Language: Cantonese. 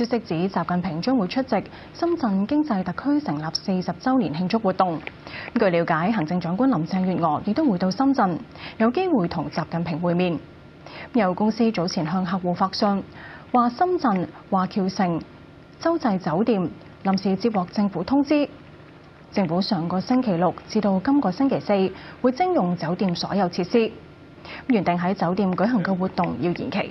消息指習近平將會出席深圳經濟特區成立四十周年慶祝活動。據了解，行政長官林鄭月娥亦都回到深圳，有機會同習近平會面。有公司早前向客戶發信，話深圳華僑城洲際酒店臨時接獲政府通知，政府上個星期六至到今個星期四會徵用酒店所有設施，原定喺酒店舉行嘅活動要延期。